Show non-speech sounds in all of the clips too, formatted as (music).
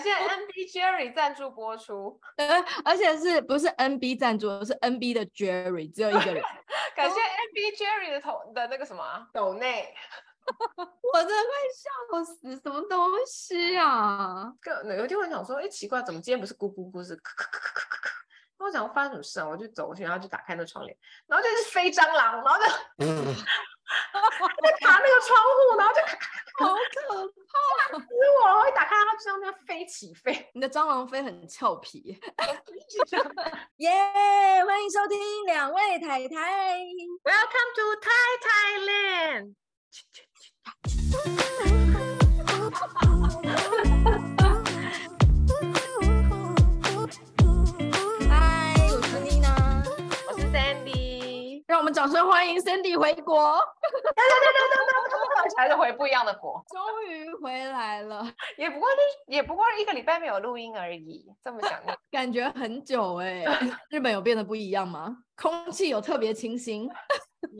感謝 NB Jerry 贊助播出，嗯、而且是不是 NB 贊助，是 NB 的 Jerry 只有一個人。 (laughs) 感謝 NB Jerry 的頭的那個什麼抖內 (laughs) 我真的快笑我死，什麼東西啊？就有一天我想說，哎、欸，奇怪，怎麼今天不是咕咕咕，咕，咕，咕，咕，咕，咕，咕，是咳咳咳咳咳咳，那我想發生什麼事啊？我就走過去，然後就打開那窗簾，然後就是飛蟑螂，然後就、嗯我 (laughs) 在爬那個窗戶，然後就，好可怕，嚇死我！我一打開它就像那樣飛起飛。你的蟑螂飛很俏皮，耶！ (laughs) yeah, 歡迎收聽兩位泰台，Welcome to Thai Tai Land。 (laughs) 我們掌聲歡迎 Sandy 回國，等等哈！哈哈！哈哈，還是回不一樣的國，終於回來了，也不過、就是也不過是一個禮拜沒有錄音而已，這麼想念感覺很久哎、欸。日本有變得不一樣嗎？空氣有特別清新？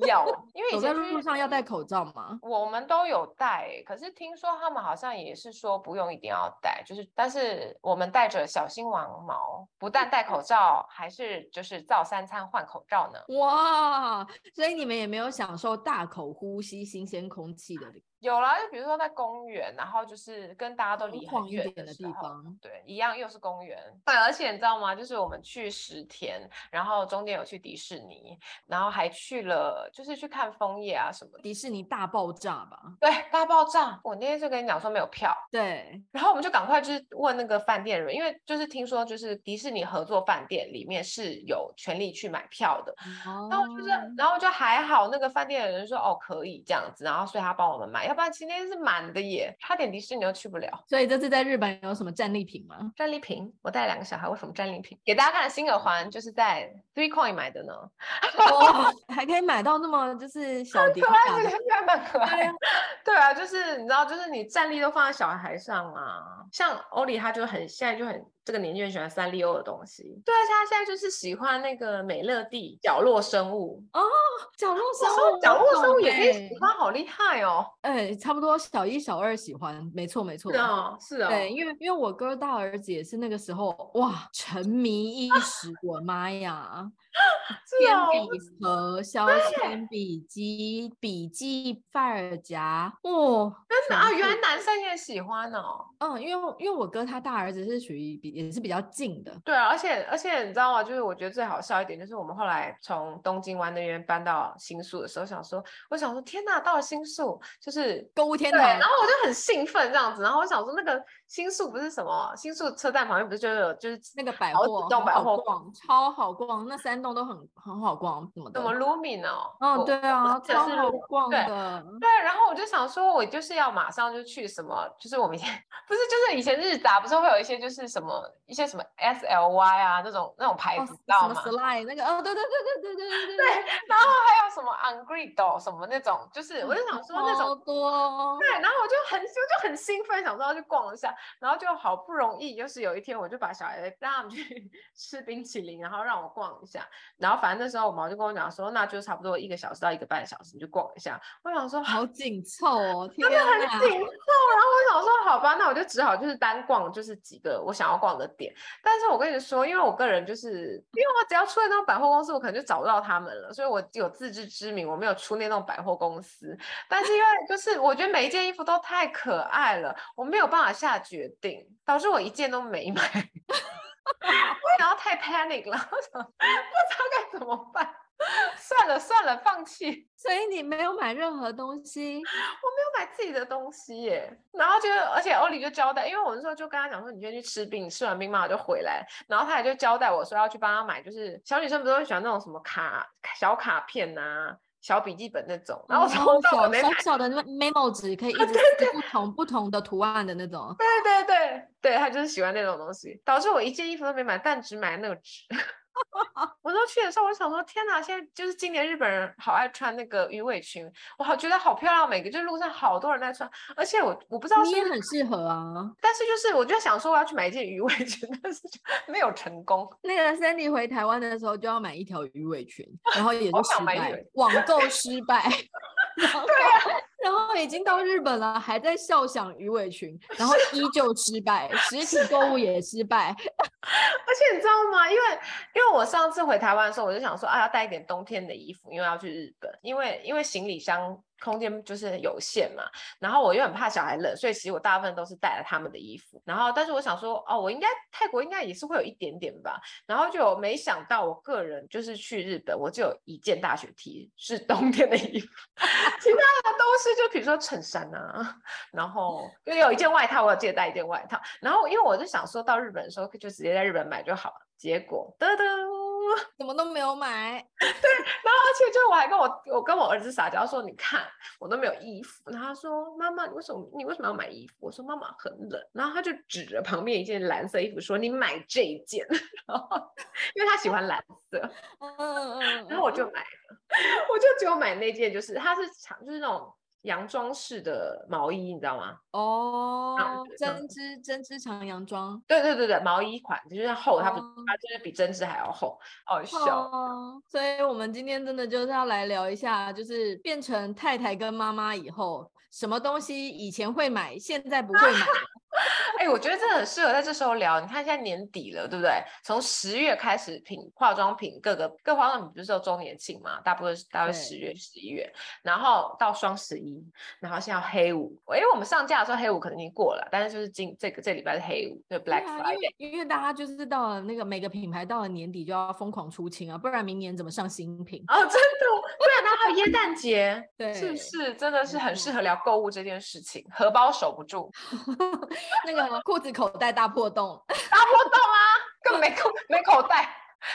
有，因為走在路上要戴口罩嘛，我們都有戴，可是聽說他們好像也是說不用，一定要戴。就是，但是我們戴着小新王毛，不但戴口罩，還是就是照三餐換口罩呢。哇，所以你們也沒有享受大口呼吸新鮮空氣的感覺。有啦，就比如說在公園，然後就是跟大家都離很遠的，很遠的地方，對，一樣又是公園。對，而且你知道嗎？就是我們去十天，然後中間有去迪士尼，然後還去了，就是去看楓葉啊什麼的。迪士尼大爆炸吧？對，大爆炸。我那天就跟你講說沒有票。對，然後我們就趕快就問那個飯店人，因為就是聽說就是迪士尼合作飯店裡面是有權利去買票的。嗯，然後就是，然後就還好，那個飯店的人說哦可以這樣子，然後所以他幫我們買。要爸，今天是滿的耶，差點迪士尼都去不了。所以這次在日本有什麼戰利品嗎？戰利品？我帶兩個小孩，為什麼戰利品？給大家看的新耳環，就是在 Three Coin 買的呢。哦、 (laughs) 還可以買到那麼就是小地方的，可愛，是不是？還可愛，蠻可愛，對啊，就是你知道，就是你戰利都放在小孩上啊。像歐里她就很現在就很。這個年紀喜歡三麗鷗的東西，對啊，他現在就是喜歡那個美樂蒂、角落生物哦，角落生物，哇哇角落生物也可以喜歡，歡、欸、好厲害哦，嗯、欸，差不多小一小二喜歡，沒錯沒錯、哦，是是、哦、啊，對，因為因為我哥大兒子也是那個時候，哇，沉迷一時，啊、我媽呀。啊，鉛 (laughs) 的筆盒、削鉛筆機對、筆記、髮夾，哦，真的酷啊，原來男生也喜歡哦。嗯，因為因為我哥他大兒子是屬於比也是比較近的。對啊，而且而且你知道嗎？就是我覺得最好笑一點，就是我們後來從東京灣那邊搬到新宿的時候，想說我想說天吶，到了新宿就是購物天堂。對，然後我就很興奮這樣子，然後我想說那個。新宿不是什麼新宿車站旁邊不是就有就是那個百貨，我懂百貨，超好逛，那三棟都很很好逛，怎麼怎麼 Lumine 哦，嗯對啊，是超好逛的，對對，然後我就想說，我就是要馬上就去什麼，就是我們以前不是就是以前日雜不是會有一些就是什麼一些什麼 S L Y 啊那種那種牌子到，知道嗎？slide 那個哦對對對對對對對對對，對然後還有什麼 Angry d o 什麼那種，就是我就想說那種，嗯、多，對，然後我就很我就很興奮想說要去逛一下。然後就好不容易，就是有一天我就把小孩帶他們去吃冰淇淋，然後讓我逛一下。然後反正那時候我媽就跟我講說，那就差不多一個小時到一個半小時你就逛一下。我想說好緊湊哦，真的很緊湊。然後我想說好吧，那我就只好就是單逛，就是幾個我想要逛的點。但是我跟你說，因為我個人就是因為我只要出來那種百貨公司，我可能就找不到他們了，所以我有自知之明，我沒有出那那種百貨公司。但是因為就是我覺得每一件衣服都太可愛了，我沒有辦法下去。決定導致我一件都沒買， (laughs) 然後太 panic 了，我想不知道該怎麼辦，算了算了放棄，放棄。所以你沒有買任何東西？我沒有買自己的東西耶。然後就而且歐里就交代，因為我那時候就跟他講說，你先去吃冰，吃完冰嘛我就回來。然後他也就交代我說要去幫他買，就是小女生不是都會喜歡那種什麼卡小卡片吶、啊。小筆記本那種，然後從小、嗯、小小，小，小的那個 memo 紙， (laughs) Mem 可以一直撕 (laughs) 對不同 (laughs) 不同的圖案的那種。對對對對，他就是喜歡那種東西，導致我一件衣服都沒買，但只買那個紙。 (laughs) 我都去的時候，我想說，天哪！現在就是今年日本人好愛穿那個魚尾裙，我好覺得好漂亮。每個就是路上好多人在穿，而且我我不知道是不是，你也很適合啊。但是就是我就想說我要去買一件魚尾裙，但是就沒有成功。那個 Sandy 回台灣的時候就要買一條魚尾裙，然後也就失敗，網購失敗。 (laughs) 對啊。然後已經到日本了，還在笑想魚尾裙，然後依舊失敗，是的 實體購物也失敗。是的 (laughs) 而且你知道嗎？因為因為我上次回台灣的時候，我就想說啊，要帶一點冬天的衣服，因為要去日本，因為因為行李箱。空間就是有限嘛，然後我又很怕小孩冷，所以其實我大部分都是帶了他們的衣服，然後但是我想說哦，我應該泰國應該也是會有一點點吧，然後就沒想到我個人就是去日本，我只有一件大雪 T，是冬天的衣服，其他的都是就比如說襯衫啊，然後因為有一件外套，我要借帶一件外套，然後因為我就想說到日本的時候就直接在日本買就好了，結果噔噔。怎麼都沒有買， (laughs) 對，然後而且就我還跟我，我跟我兒子撒嬌說，你看我都沒有衣服，然後他說，媽媽你為什麼，你為什麼要買衣服？我說，媽媽很冷，然後他就指着旁邊一件藍色衣服說，你買這一件然後。因為他喜歡藍色，嗯嗯嗯， (laughs) 然後我就買了，我就只有買那件，就是它是長就是那種。洋裝式的毛衣，你知道嗎？哦、oh, 嗯，針織針織長洋裝。對對對對，毛衣款就是厚，它不、oh. 它就是比針織還要厚哦。好，oh. 所以我們今天真的就是要來聊一下，就是變成太太跟媽媽以後，什麼東西以前會買，現在不會買的。 (laughs) 哎、欸，我覺得真的很適合在這時候聊。你看現在年底了，對不對？從十月開始品化妝品，各個各化妝品不是有周年慶嘛？大部分是大概十月、十一對月，然後到雙十一，然後現在黑五。因、欸、為我們上架的時候黑五可能已經過了，但是就是今這個這個這個、禮拜是黑五，對，Black Friday 對、啊因。因為大家就是到了那個每個品牌到了年底就要瘋狂出清啊，不然明年怎麼上新品？哦，真的，不、 (laughs) 啊、然還有耶誕節，對，是不是，真的是很適合聊購物這件事情，荷包守不住。 (laughs) (laughs) 那個褲子口袋大破洞， (laughs) 大破洞啊，根本沒口沒口袋，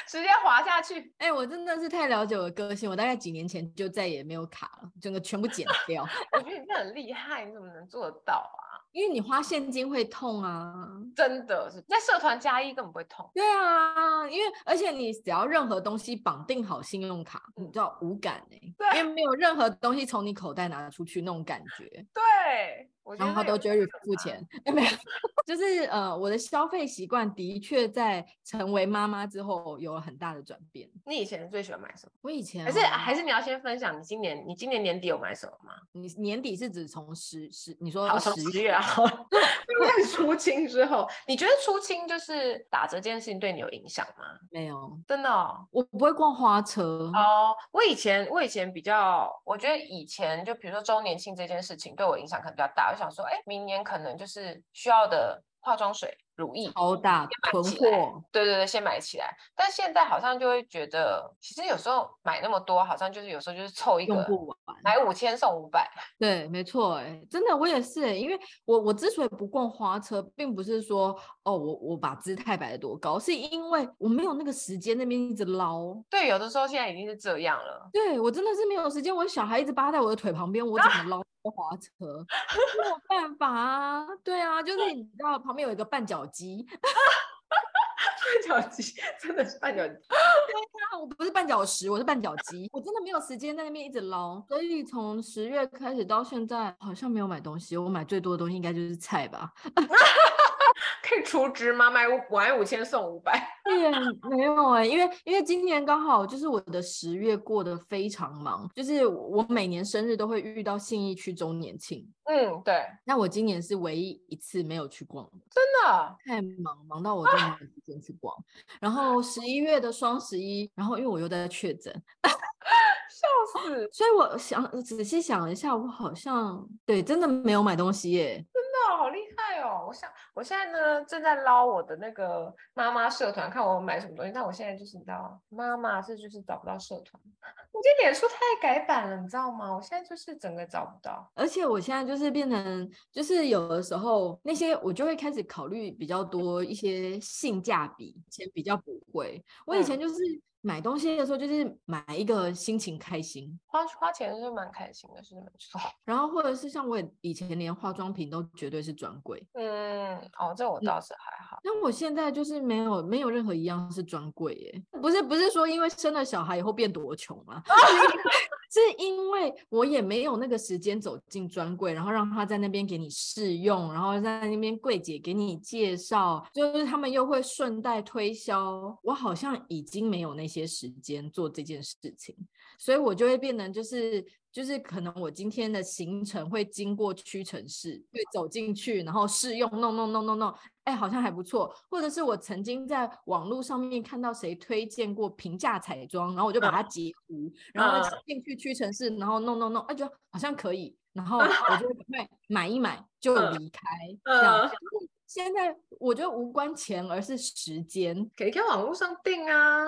直接滑下去。哎、欸，我真的是太了解我的個性，我大概幾年前就再也沒有卡了，整個全部剪掉。 (laughs) 我覺得你這很厲害，你怎麼能做得到啊？因為你花現金會痛啊，真的是。在社團加一根本不會痛。對啊，因為而且你只要任何東西綁定好信用卡，嗯、你知道無感哎、欸。對。因為沒有任何東西從你口袋拿出去那種感覺。對。我然後他都絕對付錢，沒有，就是呃，我的消費習慣的確在成為媽媽之後有了很大的轉變。你以前最喜歡買什麼？我以前、啊、還是還是你要先分享，你今年你今年年底有買什麼嗎？你年底是指從十十，你說十從十月啊？因為後 (laughs) 吧出清之後，你覺得出清就是打折這件事情對你有影響嗎？沒有，真的、哦，我不會逛花車哦。我以前我以前比較，我覺得以前就比如說週年慶這件事情對我影響可能比較大。想說，哎、欸，明年可能就是需要的化妝水。乳液超大，囤貨破，對對對，先買起來。但現在好像就會覺得，其實有時候買那麼多，好像就是有時候就是湊一個用不完，買五千送五百。對，沒錯，哎，真的我也是、欸，哎，因為我我之所以不逛花車，並不是說哦我我把姿態擺的多高，是因為我沒有那個時間那邊一直撈。對，有的時候現在已經是這樣了。對，我真的是沒有時間，我小孩一直扒在我的腿旁邊，我怎麼撈花車？沒有、啊、辦法啊， (laughs) 對啊，就是你知道旁邊有一個絆腳。絆腳雞，腳 (laughs) 真的是絆腳雞。 (laughs) 我不是絆腳石，我是絆腳雞。我真的沒有時間在那邊一直撈，所以從十月開始到現在，好像沒有買東西。我買最多的東西應該就是菜吧。 (laughs) (laughs) 可以儲值嗎？買五買五千送五百？對呀，沒有哎、欸，因為因為今年剛好就是我的十月過得非常忙，就是我每年生日都會遇到信義區周年慶。嗯，對。那我今年是唯一一次沒有去逛，真的太忙，忙到我都沒有時間去逛。啊、然後十一月的雙十一，然後因為我又在確診，笑，， (laughs) 笑死。所以我想仔細想了一下，我好像對真的沒有買東西耶，真的、哦、好厲害哦。我想我現在呢，正在撈我的那個媽媽社團，看我買什麼東西。但我現在就是你知道，媽媽是就是找不到社團，我這臉書太改版了，你知道嗎？我現在就是整個找不到，而且我現在就是。就是變成，就是有的時候那些我就會開始考慮比較多一些性價比，且比較不會我以前就是買東西的時候，就是買一個心情開心，花、嗯、花錢就是蠻開心的，是沒錯。然後或者是像我以前連化妝品都絕對是專櫃，嗯，哦，這我倒是還好。那我現在就是沒有沒有任何一樣是專櫃，耶？不是不是說因為生了小孩以後變多窮嗎？啊 (laughs) 是因為我也沒有那個時間走進專櫃，然後讓他在那邊給你試用，然後在那邊櫃姐給你介紹，就是他們又會順帶推銷。我好像已經沒有那些時間做這件事情，所以我就會變得就是。就是可能我今天的行程會經過屈臣氏，會走進去，然後試用弄弄、弄弄弄弄弄，哎，好像還不錯。或者是我曾經在網絡上面看到誰推薦過平價彩妝，然後我就把它截圖，然後進去屈臣氏，然後弄弄弄、弄，哎、啊，就好像可以，然後我就趕快買一買就離開。這樣，現在我覺得無關錢，而是時間，可以在網絡上訂啊。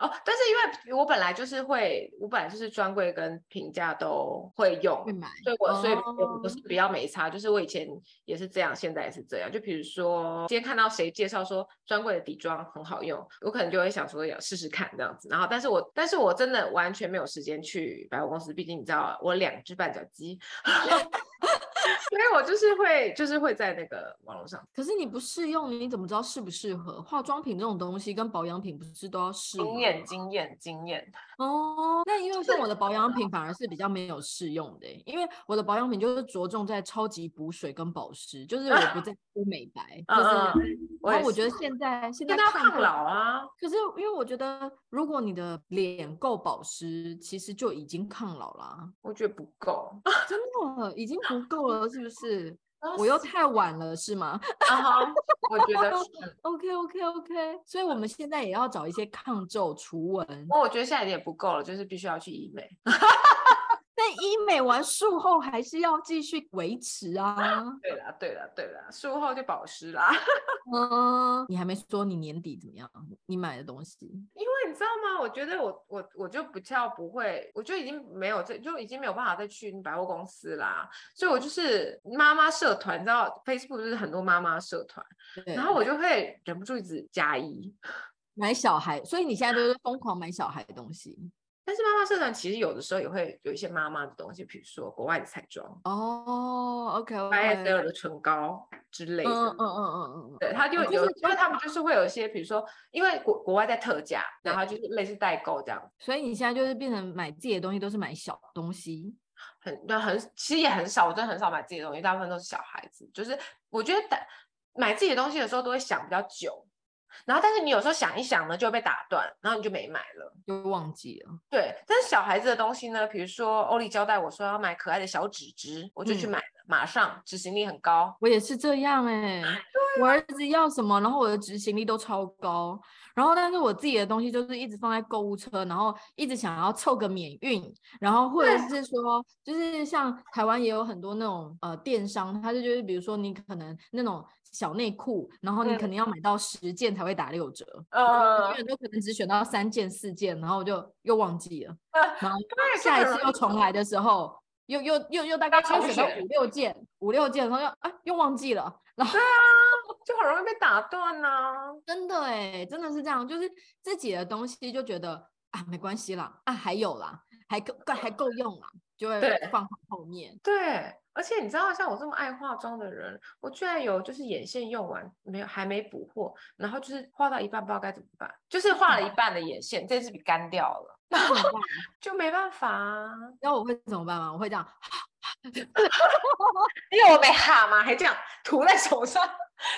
哦，但是因為我本來就是會，我本來就是專櫃跟平價都會用，嗯、所以我所以我是比較沒差，哦、就是我以前也是這樣，現在也是這樣。就比如說今天看到誰介紹說專櫃的底妝很好用，我可能就會想說要試試看這樣子。然後，但是我但是我真的完全沒有時間去百貨公司，畢竟你知道我兩隻半腳雞。 (laughs) (laughs) (laughs) 所以我就是會，就是會在那個網絡上。可是你不試用，你怎麼知道適不適合？化妝品這種東西跟保養品不是都要試用？經驗、經驗、經驗。哦，那因為像我的保養品反而是比較沒有試用的，是因為我的保養品就是着重在超級補水跟保濕，嗯、就是我不在乎美白。啊、就是。然後、嗯嗯、我覺得現在是現在抗老啊。可是因為我覺得，如果你的臉夠保濕，其實就已經抗老了，啊。我覺得不夠，真的已經不夠了。 (laughs) 是不是？啊、我又太晚了，了是嗎？啊哈、uh-huh, (laughs) 我覺得是 OK OK OK，所以我們現在也要找一些抗皺除紋。我覺得現在也不夠了，就是必須要去醫美。 (laughs) (laughs) 但醫美完術後還是要繼續維持啊！對啦對啦對啦，術後就保濕啦。 (laughs) 嗯，你還沒說你年底怎麼樣？你買的東西？因為你知道嗎？我覺得我我我就比較不會，我就已經沒有再，就已經沒有辦法再去百貨公司啦。所以我就是媽媽社團，你知道 Facebook 就是很多媽媽社團，了然後我就會忍不住一直加一買小孩，所以你現在都是瘋狂買小孩的東西。但是媽媽社團其實有的時候也會有一些媽媽的東西，比如說國外的彩妝哦，OK，YSL 的唇膏之類的，嗯嗯嗯嗯嗯，對，他就有，oh, 因為他們就是會有一些，比如說因為國國外在特價，然後就是類似代購這樣，所以你現在就是變成買自己的東西都是買小東西，很很其實也很少，我真的很少買自己的東西，大部分都是小孩子，就是我覺得買自己的東西的時候都會想比較久。然後，但是你有時候想一想呢，就被打斷，然後你就沒買了，就忘記了。對，但是小孩子的東西呢，比如說歐麗交代我說要買可愛的小紙紙，我就去買了，嗯、馬上執行力很高。我也是這樣哎、欸，啊、我兒子要什麼，然後我的執行力都超高。然後，但是我自己的東西就是一直放在購物車，然後一直想要湊個免運，然後或者是說，對就是像台灣也有很多那種呃電商，他就就是比如說你可能那種。小內褲，然後你肯定要買到十件才會打六折，呃，都可能只選到三件四件，然後就又忘記了，uh, 然後下一次又重來的時候，uh, 又又又又大概先選到五六件，五六件，然後又啊、哎、又忘記了，然後對啊，就好容易被打斷呢、啊，真的哎，真的是這樣，就是自己的東西就覺得啊沒關係啦，啊還有啦，還夠還，還夠用啦。就會放後面，對，對，而且你知道像我這麼愛化妝的人，我居然有就是眼線用完沒有還沒補貨，然後就是畫到一半不知道該怎麼辦，就是畫了一半的眼線 (laughs) 這支筆乾掉了，那 (laughs) (laughs) 就沒辦法啊。那我會怎麼辦嘛？我會這樣。 (laughs) 因為我沒哈嘛，還這樣塗在手上，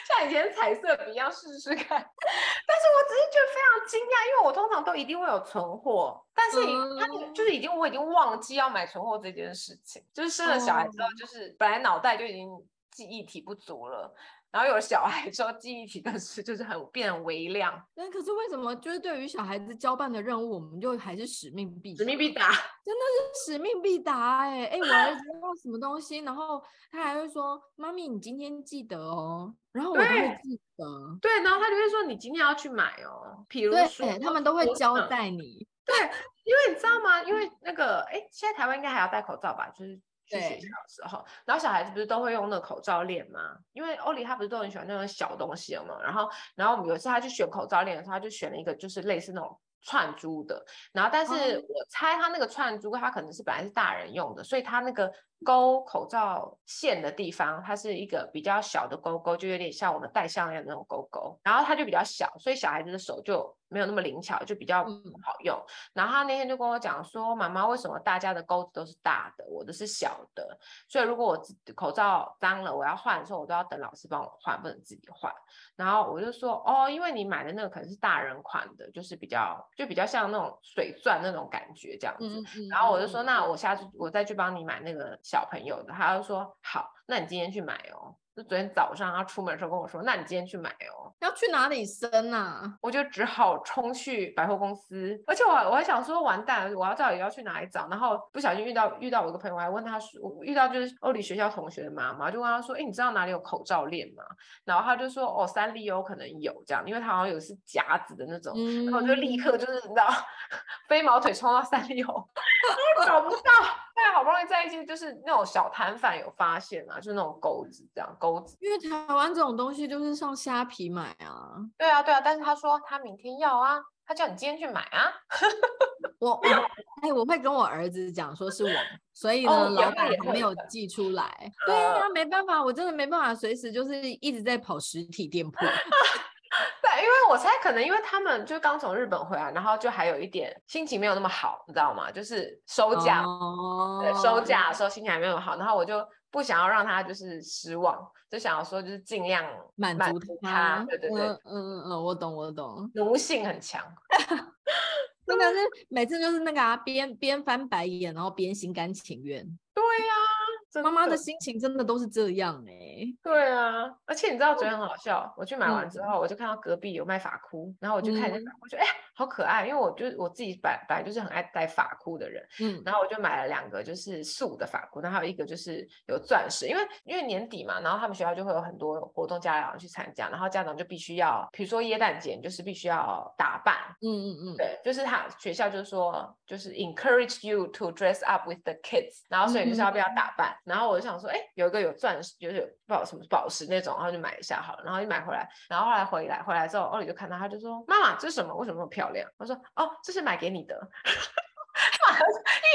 像以前彩色筆一樣試試看。但是我只是覺得非常驚訝，因為我通常都一定會有存貨，但是你，就是已經、嗯、已經我已經忘記要買存貨這件事情。就是生了小孩之後，就是、嗯、本來腦袋就已經記憶體不足了。然後有小孩說記憶起，但是就是很變微量。那可是為什麼就是對於小孩子交辦的任務，我們就還是使命必使命必達，真的是使命必達、欸。哎、欸、哎，我兒子要知道什麼東西， (laughs) 然後他還會說：“媽咪，你今天記得哦。”然後我會記得。對，對，然後他就會說：“你今天要去買哦。”比如說、欸，他們都會交代你。 (laughs) 對，因為你知道嗎？因為那個哎、欸，現在台灣應該還要戴口罩吧？就是。對，小時候，然後小孩子不是都會用那個口罩鏈嗎？因為歐里他不是都很喜歡那種小東西了嗎？然後，然後我們有一次他去選口罩鏈的時候，他就選了一個就是類似那種串珠的。然後，但是我猜他那個串珠，他可能是本來是大人用的，哦、所以他那個勾口罩線的地方，它是一個比較小的勾勾，就有點像我們戴項鏈那種勾勾。然後它就比較小，所以小孩子的手就。沒有那麼靈巧，就比較不好用。嗯、然後他那天就跟我講說：“媽媽，為什麼大家的鈎子都是大的，我的是小的？所以如果我口罩髒了，我要換的時候，我都要等老師幫我換，不能自己換。”然後我就說：“哦，因為你買的那個可能是大人款的，就是比較就比較像那種水鑽那種感覺這樣子。嗯”嗯、然後我就說：“嗯、那我下次我再去幫你買那個小朋友的。”他就說：“好，那你今天去買哦。”昨天早上他出門的時候跟我說：“那你今天去買哦，要去哪裡生啊？”我就只好衝去百貨公司，而且我我還想說完蛋，我要到底要去哪裡找？然後不小心遇到遇到我一個朋友，我還問他說：“遇到就是歐里學校同學的媽媽，就問他說：‘哎、欸，你知道哪裡有口罩鏈嗎？’然後他就說：‘哦，三麗鷗可能有這樣，因為他好像有是夾子的那種。嗯’然後我就立刻就是你知道，飛毛腿衝到三麗鷗。 (laughs) 我找不到，對，好不容易在一起，就是那種小攤販有發現啊，就那種鈎子這樣鈎子，因為台灣這種東西就是上蝦皮買啊。對啊，對啊，但是他說他明天要啊，他叫你今天去買啊。 (laughs) 我，哎、欸，我會跟我兒子講說是我，所以呢，哦、老闆也沒有寄出來。對啊，沒辦法，我真的沒辦法，隨時就是一直在跑實體店鋪。 (laughs) 對，因為我猜可能因為他們就剛從日本回來，然後就還有一點心情沒有那麼好，你知道嗎？就是收假、oh.，對，收假的時候心情還沒有好，然後我就不想要讓他就是失望，就想要說就是盡量滿足他，足他對對對，嗯嗯嗯，我懂我懂，奴性很強，真 (laughs) 的是每次就是那個啊，邊邊翻白眼，然後邊心甘情願。對呀、啊。這媽媽的心情真的都是這樣誒、欸，對啊，而且你知道，昨天很好笑。我去買完之後，嗯、我就看到隔壁有賣髮箍，然後我就看見、嗯、我就哎，好可愛。因為我就我自己本本來就是很愛戴髮箍的人，嗯，然後我就買了兩個就是素的髮箍，然後還有一個就是有鑽石。因為因為年底嘛，然後他們學校就會有很多活動，家長去參加，然後家長就必須要，比如說耶誕節，你就是必須要打扮，嗯嗯嗯，嗯對，就是他學校就是說，就是 encourage you to dress up with the kids，然後所以就是要不要打扮。嗯嗯然後我就想說，哎、欸，有一個有鑽石，有，有不知道什麼寶石那種，然後就買一下好了。然後就買回來，然後後來回來回來之後，哦，你就看到，他就說：“媽媽，這是什麼？為什麼那麼漂亮？”我說：“哦，這是買給你的。 (laughs) ”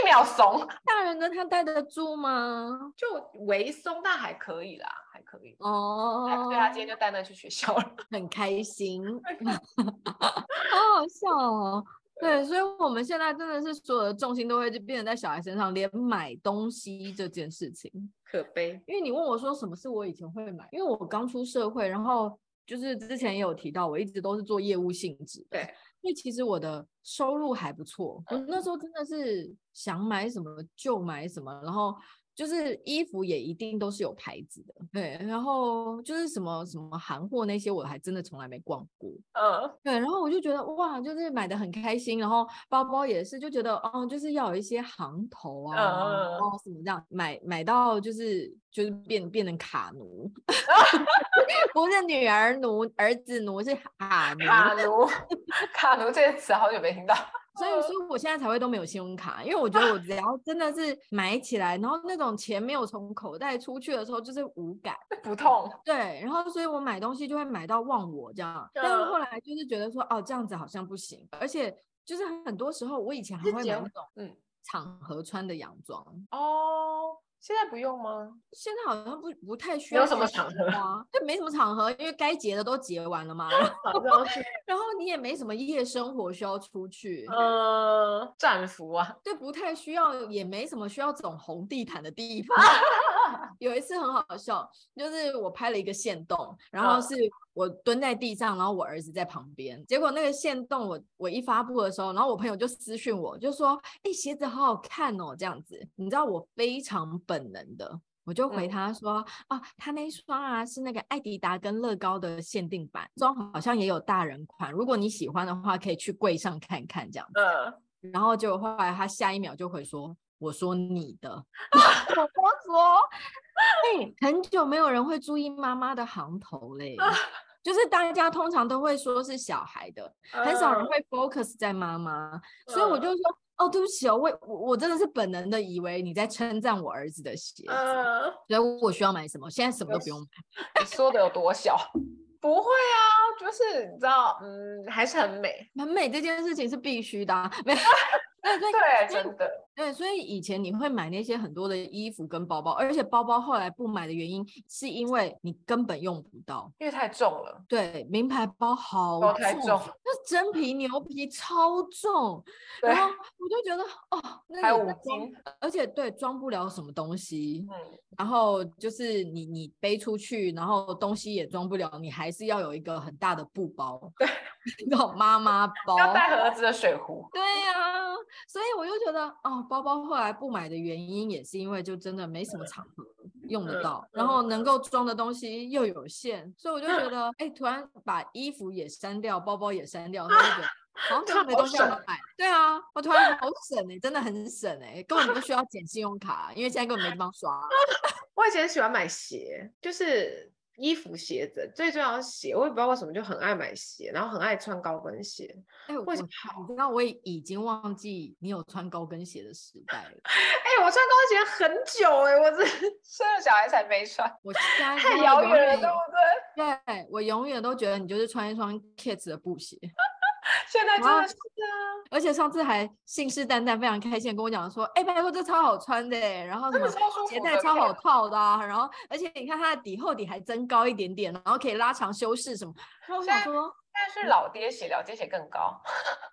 一秒慫，大人跟他戴得住嗎？就微鬆，那還可以啦，還可以。哦，oh, 對，他今天就戴那去學校了，很開心， (laughs) 好好笑哦。對，所以我們現在真的是所有的重心都會就變成在小孩身上，連買東西這件事情可悲。因為你問我說什麼是我以前會買，因為我剛出社會，然後就是之前也有提到，我一直都是做業務性質，對，所以其實我的收入還不錯。我那時候真的是想買什麼就買什麼，然後。就是衣服也一定都是有牌子的，對。然後就是什麼什麼韓貨那些，我還真的從來沒逛過。嗯，對。然後我就覺得哇，就是買得很開心。然後包包也是，就覺得哦，就是要有一些行頭啊，哦、嗯，什麼這樣買買到就是就是變變成卡奴，嗯、 (laughs) 不是女兒奴，兒子奴是卡卡奴 (laughs) 卡奴，卡奴這個詞好久沒聽到。所以，所以我現在才會都沒有信用卡，因為我覺得我只要真的是買起來，啊、然後那種錢沒有從口袋出去的時候，就是無感、不痛。對，然後所以我買東西就會買到忘我這樣，對但是後來就是覺得說，哦，這樣子好像不行，而且就是很多時候我以前還會買那種嗯場合穿的洋裝哦。現在不用嗎？現在好像不不太需要有什麼場合啊，就 (laughs) 沒什麼場合，因為該結的都結完了嘛。 (laughs) 然後你也沒什麼夜生活需要出去，嗯、呃，戰服啊，對，不太需要，也沒什麼需要走紅地毯的地方。 (laughs) 有一次很好笑，就是我拍了一個限動，然後是我蹲在地上，然後我兒子在旁邊。結果那個限動我我一發布的時候，然後我朋友就私訊我，就說：“哎、欸，鞋子好好看哦，這樣子。”你知道我非常本能的，我就回他說：“嗯、啊，他那一雙啊是那個愛迪達跟樂高的限定版，雙好像也有大人款，如果你喜歡的話，可以去櫃上看看這樣子。”然後就後來他下一秒就回說。我說你的， (laughs) (laughs) 我剛說，hey, 很久沒有人會注意媽媽的行頭嘞， (laughs) 就是大家通常都會說是小孩的，uh, 很少人會 focus 在媽媽，uh, 所以我就說，哦，對不起哦，我我真的是本能的以為你在稱讚我兒子的鞋子，uh, 所以我需要買什麼？現在什麼都不用買， (laughs) 你說的有多小？不會啊，就是你知道，嗯，還是很美，很美，這件事情是必須的、啊，沒 (laughs) 對對、啊、對，真的。對，所以以前你會買那些很多的衣服跟包包，而且包包後來不買的原因，是因為你根本用不到，因為太重了。對，名牌包好重，包太重。那真皮牛皮超重。對。然後我就覺得哦，那裝還有五斤，而且對，裝不了什麼東西。嗯、然後就是你你背出去，然後東西也裝不了，你還是要有一個很大的布包。對，那種媽媽包。要帶兒子的水壺。對呀、啊，所以我就覺得哦。包包後來不買的原因也是因為就真的沒什麼場合用得到，嗯嗯、然後能夠裝的東西又有限，嗯、所以我就覺得，哎、嗯欸，突然把衣服也刪掉，包包也刪掉，那個、啊、好像真的沒東西要買。啊對啊，我突然覺得好省、欸啊、真的很省哎、欸，根本不需要剪信用卡，啊、因為現在根本沒地方刷、啊啊。我以前喜歡買鞋，就是。衣服、鞋子，最重要是鞋。我也不知道為什麼就很愛買鞋，然後很愛穿高跟鞋。哎、欸，為什麼？那我也已經忘記你有穿高跟鞋的時代了。哎、欸，我穿高跟鞋很久哎、欸，我這生了小孩才沒穿。我太遙遠了，對不對？對，我永遠都覺得你就是穿一雙 kids 的布鞋。現在真的是啊，而且上次還信誓旦旦，非常開心跟我講說，哎、欸，拜託，這超好穿的，然後什麼鞋帶超好套的，啊，然後而且你看它的底厚底還增高一點點，然後可以拉長修飾什麼。然後我想說，但是老爹鞋，老爹鞋更高。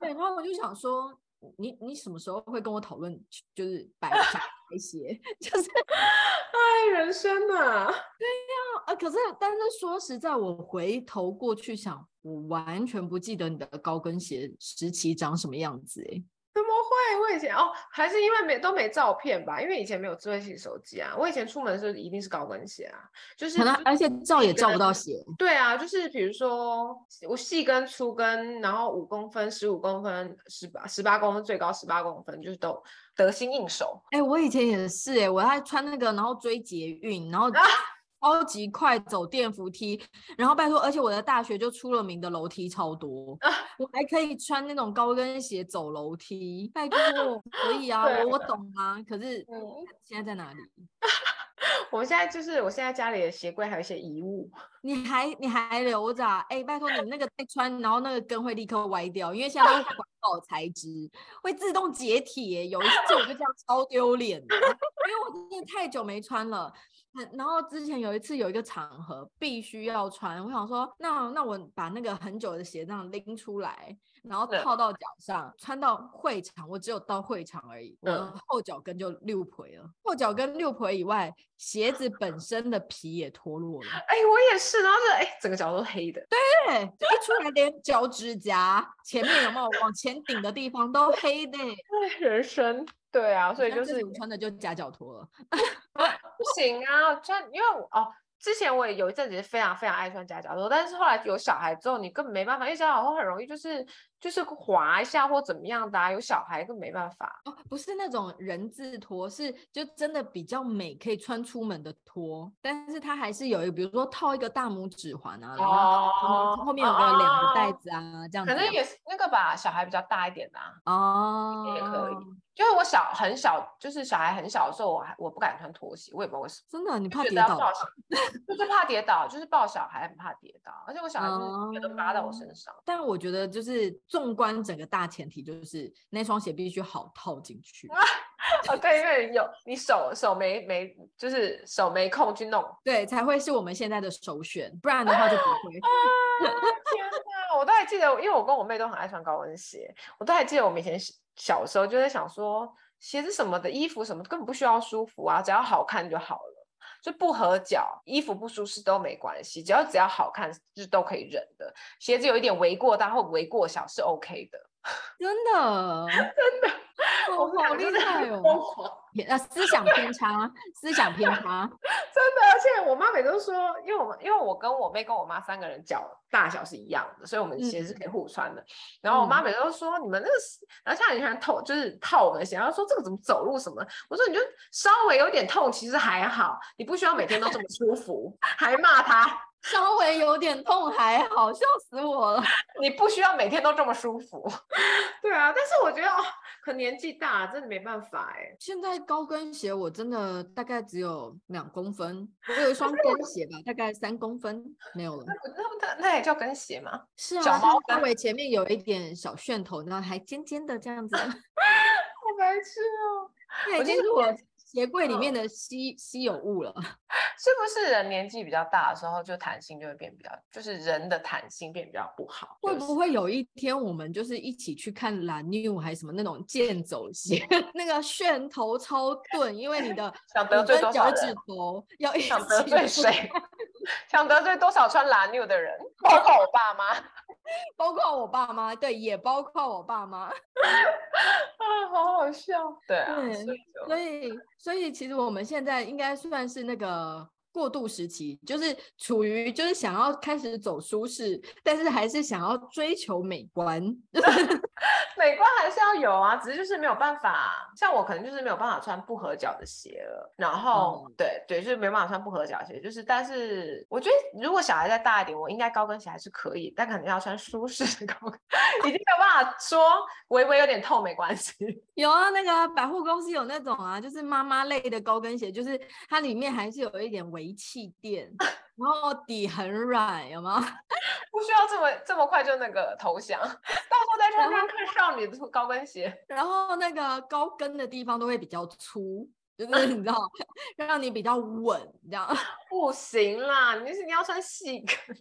對，然後我就想說，你你什麼時候會跟我討論就是白鞋？ (laughs) 鞋就是，哎，人生嘛、啊，對呀、啊，啊，可是，但是說實在，我回頭過去想，我完全不記得你的高跟鞋時期長什麼樣子誒怎麼會？我以前哦，還是因為沒都沒照片吧，因為以前沒有智慧型手機啊。我以前出門的時候一定是高跟鞋啊，就是，可能而且照也照不到鞋。對啊，就是比如說我細跟、粗跟，然後五公分、十五公分、十八、十八公分，最高十八公分，就是都得心應手。哎，我以前也是哎，我還穿那個，然後追捷運，然後。啊超級快走電扶梯，然後拜託，而且我的大學就出了名的樓梯超多，啊、我還可以穿那種高跟鞋走樓梯，拜託可以啊，啊我，我懂啊。可是、啊、現在在哪裡？我現在就是我現在家裡的鞋櫃還有一些遺物，你還你還留着？哎，拜託你那個再穿，然後那個跟會立刻歪掉，因為現在環保材質會自動解體、欸。有一次我就這樣超丟臉的，因為我真的太久沒穿了。嗯、然後之前有一次有一個場合必須要穿，我想說，那那我把那個很久的鞋這樣拎出來，然後套到腳上、嗯、穿到會場，我只有到會場而已，我的後腳跟就六婆了。嗯、後腳跟六婆以外，鞋子本身的皮也脫落了。哎，我也是，然後就哎，整個腳都黑的。對，就一出來連腳趾甲 (laughs) 前面有沒有往前頂的地方都黑的。哎，人生。對啊，所以就是你穿的就夾腳拖了 (laughs) 、啊，不行啊，穿，因為我哦，之前我也有一陣子是非常非常愛穿夾腳拖，但是後來有小孩之後，你根本沒辦法，因為夾腳拖很容易就是。就是滑一下或怎麼樣的啊，有小孩都沒辦法哦，不是那種人字拖，是就真的比較美，可以穿出門的拖，但是它還是有一個，比如說套一個大拇指環啊，哦、然後，後面有個兩個袋子啊，哦、這樣子。可能也是那個吧，小孩比較大一點的啊，哦、也可以，就是我小很小，就是小孩很小的時候，我還我不敢穿拖鞋，我也不知道為什麼。真的、啊，你怕跌倒，就， (laughs) 就是怕跌倒，就是抱小孩很怕跌倒，而且我小孩就是全都扒到我身上、哦。但我覺得就是。縱觀整個大前提就是那雙鞋必須好套進去，啊，就是，啊，對，因為有你手手沒沒就是手沒空去弄，對，才會是我們現在的首選，不然的話就不會。啊啊，天吶， (laughs) 我都還記得，因為我跟我妹都很愛穿高跟鞋，我都還記得我們以前小小時候就在想說鞋子什麼的、衣服什麼根本不需要舒服啊，只要好看就好了。就不合腳，衣服不舒適都沒關係，只要只要好看就都可以忍的。鞋子有一點圍過大或圍過小是 OK 的。真的， (laughs) 真的，oh, wow, 我好厲害哦！思想偏差， (laughs) 思想偏差。 (laughs) 真的，而且我媽每天都說，因為我們因為我跟我妹跟我媽三個人腳大小是一樣的，所以我們鞋是可以互穿的。嗯、然後我媽每天都說，嗯、你們那個，然後穿鞋穿透，就是套我們的鞋，然後、就是、說這個怎麼走路什麼？我說你就稍微有點痛，其實還好，你不需要每天都這麼舒服， (laughs) 還罵她。稍微有點痛還好，笑死我了！你不需要每天都這麼舒服，對啊，但是我覺得哦，可年紀大，真的沒辦法哎。現在高跟鞋我真的大概只有兩公分，我有一雙高跟鞋吧，啊、大概三公分，沒有了。那不那那也叫高跟鞋嗎？是啊嗎，稍微前面有一點小旋頭，然後還尖尖的這樣子，好 (laughs) 白痴哦、啊。欸、我記覺得我。鞋櫃裡面的稀、oh. 稀有物了。是不是人年紀比較大的時候就彈性就會變比較，就是人的彈性變比較不好？會不會有一天我們就是一起去看 La New 還是什麼那種健走鞋？ (laughs) (laughs) 那個楦頭超鈍。因為你的想得罪多少腳趾頭要一？想得罪誰？ (laughs) 想得罪多少穿 La New 的人？包括我爸媽，包括我爸媽，對，也包括我爸媽。 (laughs) 啊，好好笑，對啊，嗯、是不是？所以。所以，其實我們現在應該算是那個過渡時期，就是處於就是想要開始走舒適，但是還是想要追求美觀。 (laughs) (laughs) 美觀還是要有啊，只是就是沒有辦法，像我可能就是沒有辦法穿不合腳的鞋了。然後，嗯、對對，就是沒有辦法穿不合腳鞋，就是。但是我覺得，如果小孩再大一點，我應該高跟鞋還是可以，但可能要穿舒適的高跟鞋。 (laughs) 已經沒有辦法說，微微有點透沒關係。有啊，那個百貨公司有那種啊，就是媽媽類的高跟鞋，就是它裡面還是有一點微氣墊。 (laughs) 然後底很軟，有沒有？不需要這麼這麼快就那個投降，到時候再穿上看少女的高跟鞋。然後那個高跟的地方都會比較粗，就是你知道， (laughs) 讓你比較穩，這樣不行啦！你是你要穿細跟，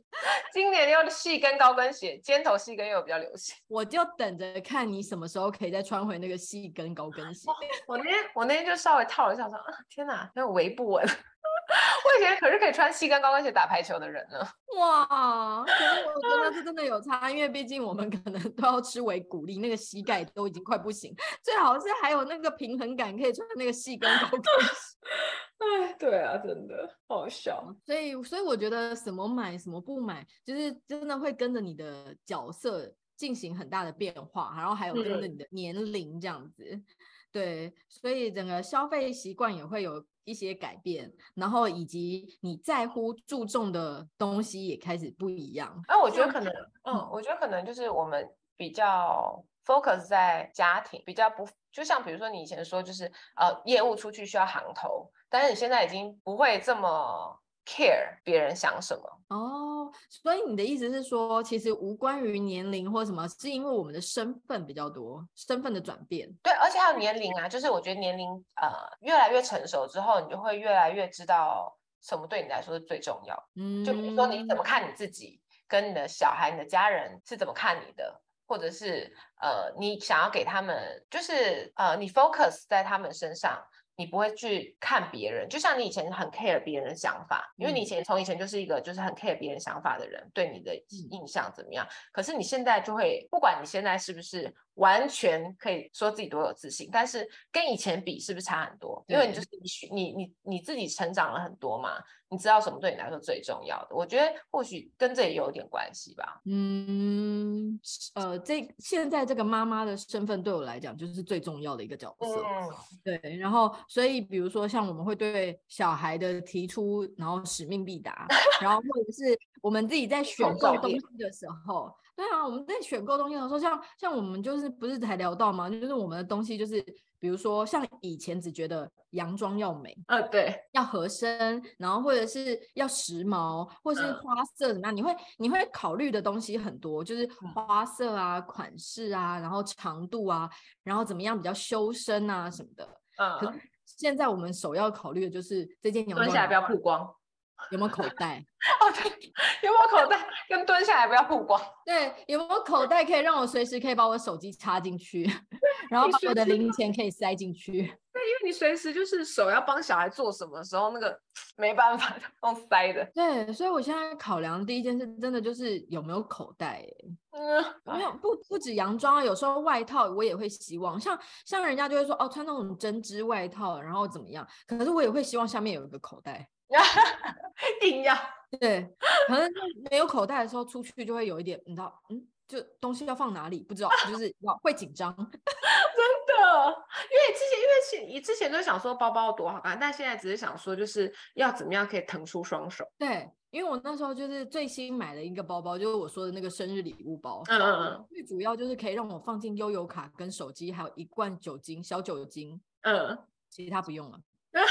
今年又細跟高跟鞋，尖頭細跟又比較流行。我就等着看你什麼時候可以再穿回那個細跟高跟鞋。我，我那天我那天就稍微套了一下，我說啊，天哪，那圍不穩。我以前可是可以穿細跟高跟鞋打排球的人呢。哇，可是我覺得是真的有差，唉因為畢竟我們可能都要吃維骨力，那個膝蓋都已經快不行。最好是還有那個平衡感，可以穿那個細跟高跟鞋。哎，對啊，真的好笑。所以，所以我覺得什麼買什麼不買，就是真的會跟着你的角色進行很大的變化，然後還有跟着你的年齡這樣子，嗯、對，所以整個消費習慣也會有一些改變，然後以及你在乎注重的東西也開始不一樣。哎、啊，我覺得可能，嗯，嗯，我覺得可能就是我們比較 focus 在家庭，比較不就像比如說你以前說就是呃業務出去需要行頭，但是你現在已經不會這麼。care 別人想什麼哦，oh, 所以你的意思是說，其實無關於年齡或什麼，是因為我們的身份比較多，身份的轉變。對，而且還有年齡啊，就是我覺得年齡呃越來越成熟之後，你就會越來越知道什麼對你來說是最重要。嗯，就比如說你怎麼看你自己，跟你的小孩、你的家人是怎麼看你的，或者是呃，你想要給他們，就是呃，你 focus 在他們身上。你不會去看別人，就像你以前很 care 別人的想法，嗯、因為你以前從以前就是一個就是很 care 別人想法的人，對你的印象怎麼樣？嗯、可是你現在就會，不管你現在是不是完全可以說自己多有自信，但是跟以前比是不是差很多？因為你就是你、嗯、你你你自己成長了很多嘛，你知道什麼對你來說最重要的？我覺得或許跟這也有點關係吧。嗯。呃，這現在這個媽媽的身份對我來講就是最重要的一個角色，嗯、對。然後，所以比如說像我們會對小孩的提出，然後使命必達，然後或者是我們自己在選購東西的時候。嗯對啊，我們在選購東西的時候，像像我們就是不是才聊到嘛，就是我們的東西就是，比如說像以前只覺得洋裝要美，呃，對，要合身，然後或者是要時髦，或者是花色怎麼樣？嗯、你會你會考慮的東西很多，就是花色啊、款式啊，然後長度啊，然後怎麼樣比較修身啊什麼的。嗯，可是現在我們首要考慮的就是這件洋裝，蹲下來不要曝光。有沒有口袋？ (laughs) 哦，對，有沒有口袋？跟蹲下來不要曝光。對，有沒有口袋可以讓我隨時可以把我手機插進去，對 (laughs) 然後把我的零錢可以塞進去。對，因為你隨時就是手要幫小孩做什麼的時候，那個沒辦法放塞的。對，所以我現在考量第一件事，真的就是有沒有口袋，欸。嗯，沒有不不止洋裝，有時候外套我也會希望，像像人家就會說哦，穿那種針織外套，然後怎麼樣？可是我也會希望下面有一個口袋。一定 (laughs) 要。對，反正就沒有口袋的時候出去就會有一點，你知道，嗯，就東西要放哪裡不知道，就是要會緊張， (laughs) 真的。因為之前，因為前你之前就想說包包多好啊，但現在只是想說就是要怎麼樣可以騰出雙手。對，因為我那時候就是最新買的一個包包，就是我說的那個生日禮物包。嗯嗯嗯，最主要就是可以讓我放進悠遊卡、跟手機，還有一罐酒精，小酒精。嗯，其他不用了。嗯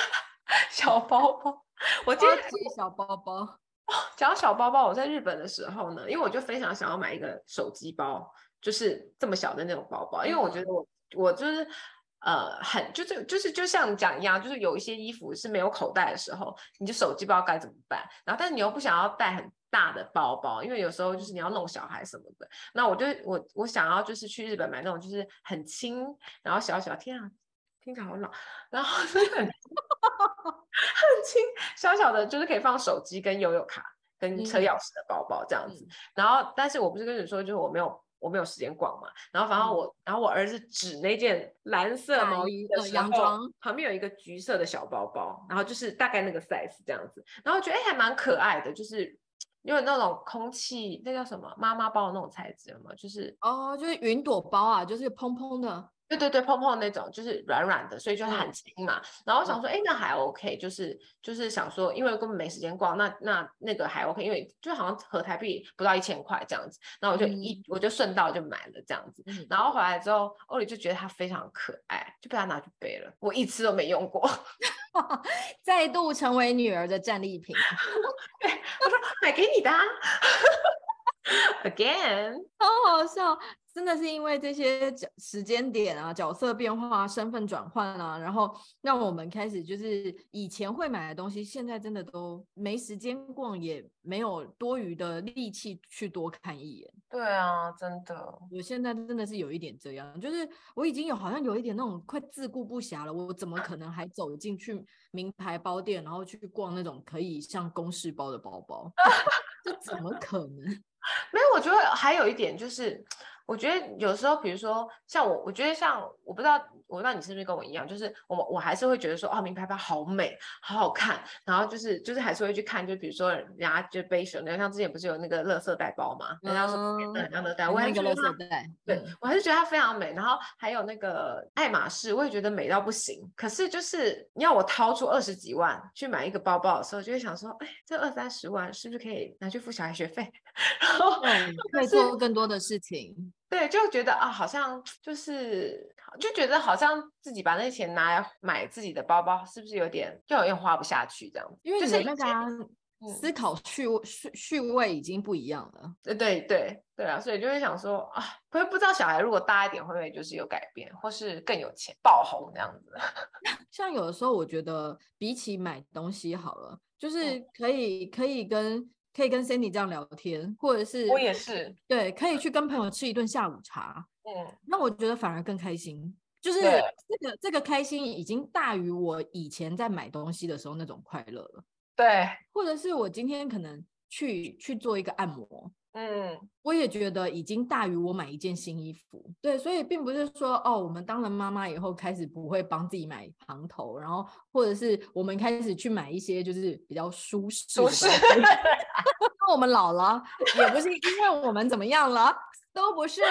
小包包，我記得小包包、哦。講到小包包，我在日本的時候呢，因為我就非常想要買一個手機包，就是這麼小的那種包包。因為我覺得我我就是呃很就是就是就像你講一樣，就是有一些衣服是沒有口袋的時候，你的手機包該怎麼辦？然後但是你又不想要帶很大的包包，因為有時候就是你要弄小孩什麼的。那我就我我想要就是去日本買那種就是很輕，然後小小天啊。聽起來好老，然後是很 (laughs) 很輕，小小的就是可以放手機跟悠遊卡跟車鑰匙的包包這樣子。嗯、然後，但是我不是跟你說，就是我沒有我沒有時間逛嘛。然後，反正我，嗯、然後我兒子指那件藍色毛衣的洋、呃、裝旁邊有一個橘色的小包包，然後就是大概那個 size 這樣子。然後覺得哎，還蠻可愛的，就是因為那種空氣，那叫什麼媽媽包的那種材質嗎？就是哦，就是雲朵包啊，就是蓬蓬的。對對對，泡泡那種就是軟軟的，所以就很輕嘛。然後我想說，哎、欸，那還 OK，就是就是想說，因為根本沒時間逛，那那那個還 OK，因為就好像合台幣不到一千塊這樣子，那我就一、嗯、我就順道就買了這樣子。然後回來之後，歐里就覺得它非常可愛，就被他拿去背了，我一次都沒用過， (laughs) 再度成為女兒的戰利品。對、 (laughs) 欸，我說買給你的啊 (laughs) ，again，好好笑。真的是因為這些角時間點啊，角色變化、身份轉換啊，然後讓我們開始就是以前會買的東西，現在真的都沒時間逛，也沒有多餘的力氣去多看一眼。對啊，真的，我現在真的是有一點這樣，就是我已經有好像有一點那種快自顧不暇了，我怎麼可能還走進去名牌包店，然後去逛那種可以像公事包的包包？這 (laughs) (laughs) 怎麼可能？ (laughs) 沒有，我覺得還有一點就是。我覺得有時候，比如說像我，我覺得像我不知道，我不知道你是不是跟我一樣，就是我我還是會覺得說，哦，名牌包好美，好好看，然後就是就是還是會去看，就比如說人家就背什麼，你像之前不是有那個樂色袋包嘛，人家說嗯，那個垃圾袋，對，對我還是覺得它非常美。然後還有那個愛馬仕，我也覺得美到不行。可是就是要我掏出二十幾萬去買一個包包的時候，就會想說，哎，這二三十萬是不是可以拿去付小孩學費，然後對可以是做更多的事情。對，就覺得啊，好像就是，就覺得好像自己把那些錢拿來買自己的包包，是不是有點，就有點花不下去這樣？因為你們大家思考趣味、趣味已經不一樣了，對對對對啊，所以就會想說啊，不知道小孩如果大一點，會不會就是有改變，或是更有錢爆紅那樣子？像有的時候，我覺得比起買東西好了，就是可以、嗯、可以跟。可以跟 Sandy 這樣聊天，或者是我也是，對，可以去跟朋友吃一頓下午茶。嗯，那我覺得反而更開心，就是這個對這個開心已經大於我以前在買東西的時候那種快樂了。對，或者是我今天可能去去做一個按摩。嗯，我也覺得已經大於我買一件新衣服。對，所以並不是說哦，我們當了媽媽以後開始不會幫自己買行頭，然後或者是我們開始去買一些就是比較舒適。那我們老了也不是因為我們怎麼樣了，都不是，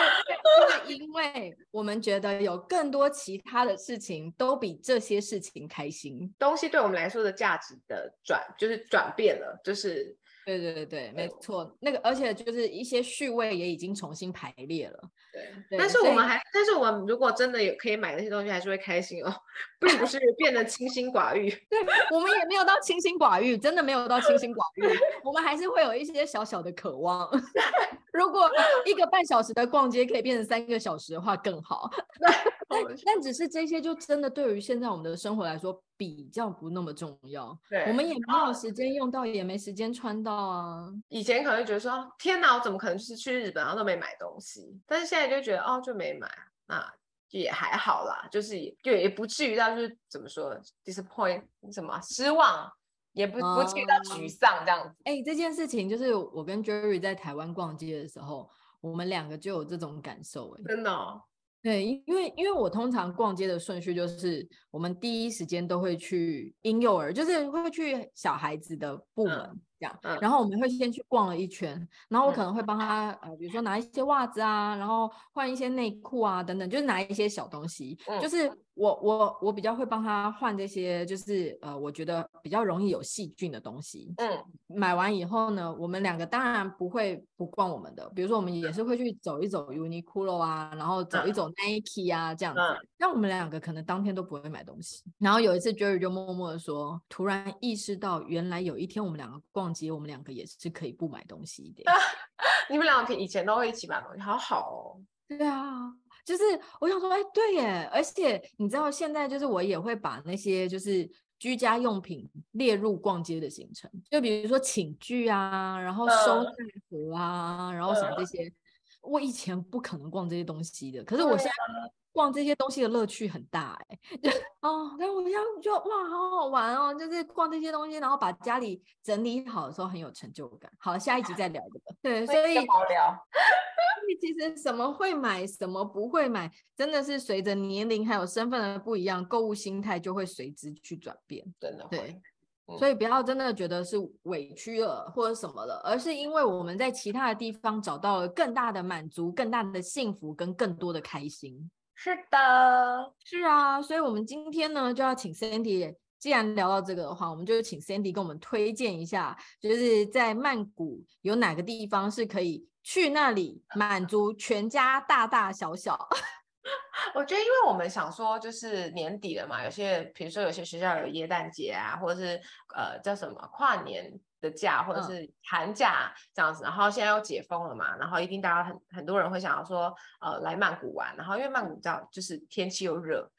是因為我們覺得有更多其他的事情都比這些事情開心。東西對我們來說的價值的轉就是轉變了，就是。對對對對，沒錯，那個而且就是一些序位也已經重新排列了。對，對但是我們還，以但是我們如果真的有可以買那些東西，還是會開心哦，並不是，不是變得清心寡欲。 (laughs) 對我們也沒有到清心寡欲，真的沒有到清心寡欲， (laughs) 我們還是會有一些小小的渴望。 (laughs) 如果一個半小時的逛街可以變成三個小時的話，更好。 (laughs) (laughs) 但只是這些，就真的對於現在我們的生活來說，比較不那麼重要，對，我們也沒有時間用到，啊、也沒時間穿到啊。以前可能覺得說，天哪，我怎麼可能是去日本，我都沒買東西？但是現在就覺得，哦，就沒買，那、啊、也還好啦，就是也就也不至於到就是怎麼說，disappoint 什麼、啊、失望，也不、啊、不於到沮喪這樣子。哎、欸，這件事情就是我跟 j e r y 在台灣逛街的時候，我們兩個就有這種感受、欸，哎，真的、哦。對，因為因為我通常逛街的順序就是，我們第一時間都會去嬰幼兒，就是會去小孩子的部門。嗯這樣，然後我們會先去逛了一圈，然後我可能會幫他、嗯、呃，比如說拿一些襪子啊，然後換一些內褲啊等等，就是拿一些小東西。嗯、就是我我我比較會幫他換這些，就是呃，我覺得比較容易有細菌的東西。嗯，買完以後呢，我們兩個當然不會不逛我們的，比如說我們也是會去走一走 Uniqlo 啊，然後走一走 Nike 啊這樣子。那、嗯嗯、我們兩個可能當天都不會買東西。然後有一次 Jerry 就默默的說，突然意識到原來有一天我們兩個逛。逛街，我們兩個也是可以不買東西的。 (laughs) 你們兩個以前都會一起買東西，好好哦。對啊，就是我想說，哎、欸，對耶。而且你知道，現在就是我也會把那些就是居家用品列入逛街的行程，就比如說寢具啊，然後收納盒啊，嗯、然後什麼這些，嗯、我以前不可能逛這些東西的，可是我現在。逛這些東西的樂趣很大哎、欸，哦，那我一下就哇，好好玩哦！就是逛這些東西，然後把家裡整理好的時候很有成就感。好，下一集再聊，聊、啊、對，所以好聊。其實什麼會買，什麼不會買，真的是隨着年齡還有身份的不一樣，購物心態就會隨之去轉變。真的對，嗯、所以不要真的覺得是委屈了或者什麼了，而是因為我們在其他的地方找到了更大的滿足、更大的幸福跟更多的開心。是的，是啊，所以，我們今天呢，就要請 Sandy，既然聊到這個的話，我們就請 Sandy 跟我們推薦一下，就是在曼谷有哪個地方是可以去那裡滿足全家大大小小。 (laughs) 我覺得，因為我們想說，就是年底了嘛，有些，比如說有些學校有耶誕節啊，或者是呃，叫什麼，跨年。的假或者是寒假、嗯、這樣子，然後現在又解封了嘛，然後一定大家很很多人會想要說，呃，來曼谷玩，然後因為曼谷比較、嗯、就是天氣又熱，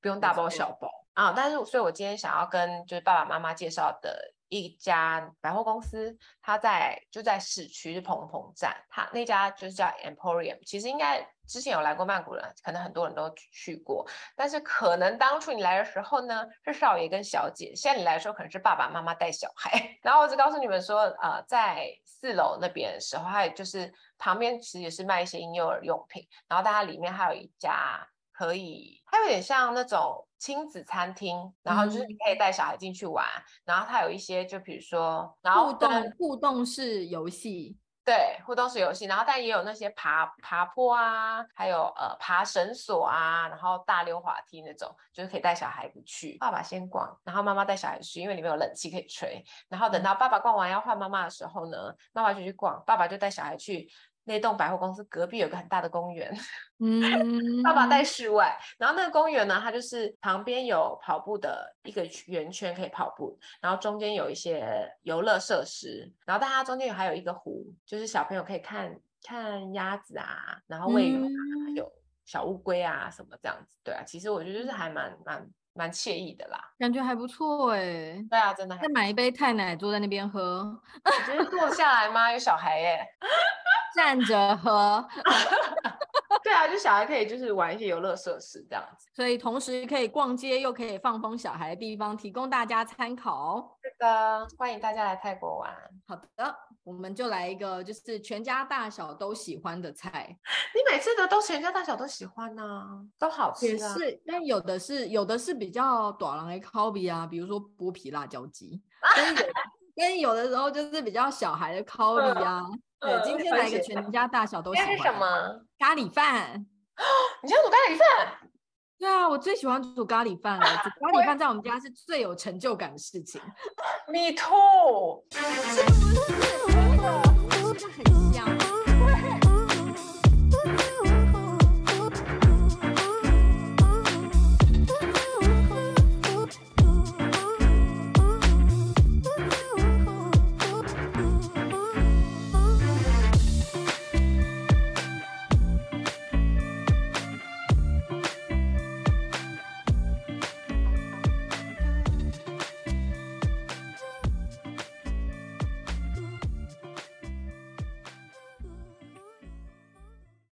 不用大包小包、嗯、啊，但是所以，我今天想要跟就是爸爸媽媽介紹的一家百貨公司，它在就在市區的蓬蓬站，它那家就是叫 Emporium，其實應該。之前有來過曼谷人，可能很多人都去過，但是可能當初你來的時候呢，是少爺跟小姐；現在你來的時候，可能是爸爸媽媽帶小孩。然後我就告訴你們說，呃，在四樓那邊的時候，它就是旁邊其實也是賣一些嬰幼兒用品，然後大家裡面還有一家可以，它有點像那種親子餐廳，然後就是你可以帶小孩進去玩，嗯、然後它有一些就比如說然後互動互動式遊戲。對，互動式遊戲，然後但也有那些爬爬坡啊，還有呃爬繩索啊，然後大溜滑梯那種，就是可以帶小孩子去。爸爸先逛，然後媽媽帶小孩去，因為裡面有冷氣可以吹。然後等到爸爸逛完要換媽媽的時候呢，媽媽就去逛，爸爸就帶小孩去。那棟百貨公司隔壁有個很大的公園，嗯、 (laughs) 爸爸在室外。然後那個公園呢，它就是旁邊有跑步的一個圓圈可以跑步，然後中間有一些遊樂設施，然後大家中間還有一個湖，就是小朋友可以看看鴨子啊，然後餵、啊嗯、有小烏龜啊什麼這樣子。對啊，其實我覺得就是還蠻蠻。蠻愜意的啦，感覺還不錯哎、欸。對啊，真的。再買一杯泰奶，坐在那邊喝。你覺得坐下來嗎？ (laughs) 有小孩耶、欸， (laughs) 站着著喝。 (laughs) (laughs) 對啊，就小孩可以，就是玩一些遊樂設施這樣子。所以同時可以逛街，又可以放風小孩的地方，提供大家參考。的，歡迎大家來泰國玩。好的，我們就來一個就是全家大小都喜歡的菜。你每次的都全家大小都喜歡呢、啊，都好吃。也是，但有的是有的是比較短的口味啊，比如說剝皮辣椒雞。但有但有的時候就是比較小孩的口味啊。啊對，嗯、今天來一個全家大小都喜歡。是什麼？咖喱飯。你想煮咖喱飯。對啊，我最喜歡煮咖喱飯了。煮咖喱飯在我們家是最有成就感的事情。 (music) 米兔，是不是很香？